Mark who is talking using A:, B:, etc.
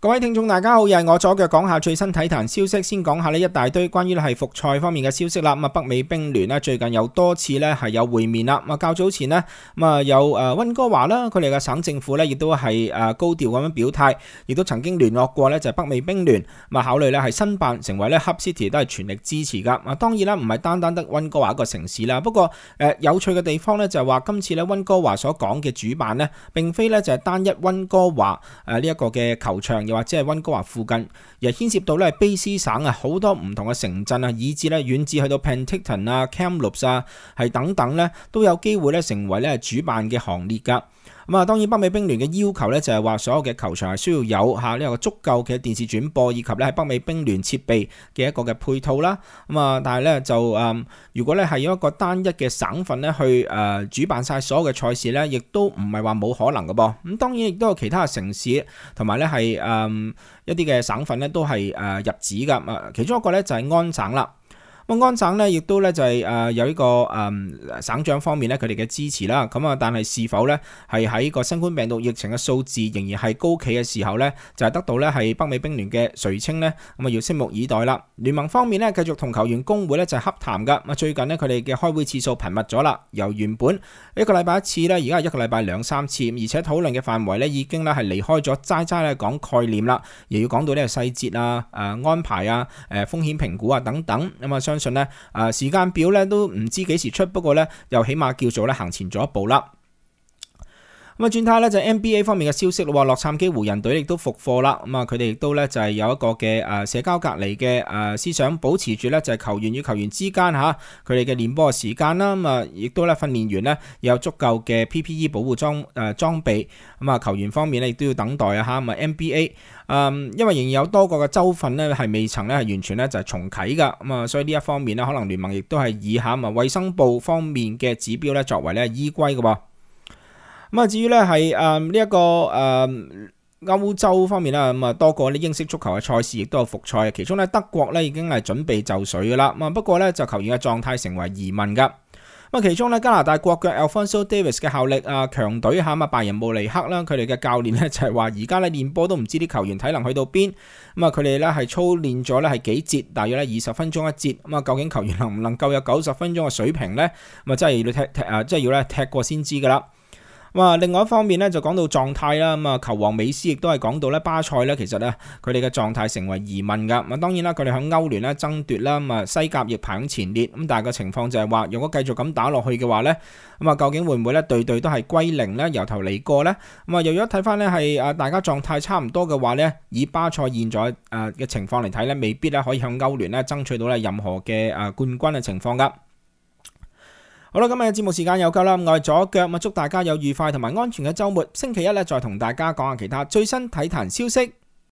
A: 各位聽眾大家好，又係我是左腳，講下最新體壇消息，先講一下呢一大堆關於係復賽方面嘅消息啦。咁啊，北美冰聯咧最近有多次咧係有會面啦。咁啊，較早前呢，咁啊有誒溫哥華啦，佢哋嘅省政府呢亦都係誒高調咁樣表態，亦都曾經聯絡過呢就係北美冰聯，咁啊考慮呢係申辦成為呢 Hub City 都係全力支持噶。啊，當然啦，唔係單單得溫哥華一個城市啦。不過誒、呃、有趣嘅地方呢，就係話，今次咧溫哥華所講嘅主辦呢，並非呢就係單一溫哥華誒呢一個嘅球場。又或者係溫哥華附近，又牽涉到咧卑斯省啊，好多唔同嘅城鎮啊，以至咧遠至去到 Penticton 啊、Kamloops 啊，係等等咧，都有機會咧成為咧主辦嘅行列㗎。咁啊，當然北美冰聯嘅要求咧就係話，所有嘅球場係需要有嚇呢個足夠嘅電視轉播，以及咧喺北美冰聯設備嘅一個嘅配套啦。咁啊，但係咧就誒，如果咧係要一個單一嘅省份咧去誒主辦晒所有嘅賽事咧，亦都唔係話冇可能嘅噃。咁當然亦都有其他城市同埋咧係誒一啲嘅省份咧都係誒入止㗎。啊，其中一個咧就係安省啦。安省咧，亦都咧就係誒有呢個誒省長方面咧，佢哋嘅支持啦。咁啊，但係是，是否咧係喺個新冠病毒疫情嘅數字仍然係高企嘅時候咧，就係、是、得到咧係北美冰聯嘅垂青咧，咁啊要拭目以待啦。聯盟方面咧，繼續同球員工會咧就係洽談㗎。咁啊，最近呢，佢哋嘅開會次數頻密咗啦，由原本一個禮拜一次咧，而家係一個禮拜兩三次，而且討論嘅範圍咧已經咧係離開咗齋齋咧講概念啦，又要講到呢個細節啊、誒安排啊、誒風險評估啊等等。咁、嗯、啊相信、呃、咧，誒時間表咧都唔知幾時出，不過咧又起碼叫做咧行前咗一步啦。咁啊，轉態咧就 NBA 方面嘅消息咯喎，洛杉磯湖人隊亦都復課啦。咁啊，佢哋亦都咧就係有一個嘅社交隔離嘅思想，保持住咧就係球員與球員之間吓，佢哋嘅練波嘅時間啦。咁啊，亦都咧訓練員咧有足夠嘅 PPE 保護裝誒裝備。咁啊，球員方面咧亦都要等待啊嚇。咁啊，NBA 因為仍然有多個嘅州份咧係未曾咧係完全咧就係重啟㗎。咁啊，所以呢一方面咧可能聯盟亦都係以下咁啊衞生部方面嘅指標咧作為咧依歸嘅喎。咁啊，至於咧係誒呢一、嗯這個誒、嗯、歐洲方面啦，咁啊多個啲英式足球嘅賽事亦都有復賽，其中咧德國咧已經係準備就緒噶啦。咁啊，不過咧就球員嘅狀態成為疑問㗎。咁啊，其中咧加拿大國腳 Alphonso Davies 嘅效力啊強隊嚇，咁啊拜仁慕尼黑呢，啦，佢哋嘅教練咧就係話而家咧練波都唔知啲球員體能去到邊。咁啊，佢哋咧係操練咗咧係幾節，大約咧二十分鐘一節。咁啊，究竟球員能唔能夠有九十分鐘嘅水平咧？咁啊，真係要踢踢啊，真、就、係、是、要咧踢過先知㗎啦。咁啊，另外一方面咧，就講到狀態啦。咁啊，球王美斯亦都係講到咧，巴塞咧其實咧，佢哋嘅狀態成為疑問噶。咁啊，當然啦，佢哋響歐聯咧爭奪啦，咁啊，西甲亦排響前列。咁但係個情況就係話，如果繼續咁打落去嘅話咧，咁啊，究竟會唔會咧隊隊都係歸零咧？由頭嚟過咧？咁啊，如果睇翻咧係啊大家狀態差唔多嘅話咧，以巴塞現在誒嘅情況嚟睇咧，未必咧可以向歐聯咧爭取到咧任何嘅誒冠軍嘅情況噶。好啦，今日嘅節目時間又夠啦。我哋左腳，咁祝大家有愉快同埋安全嘅周末。星期一咧，再同大家講下其他最新體壇消息。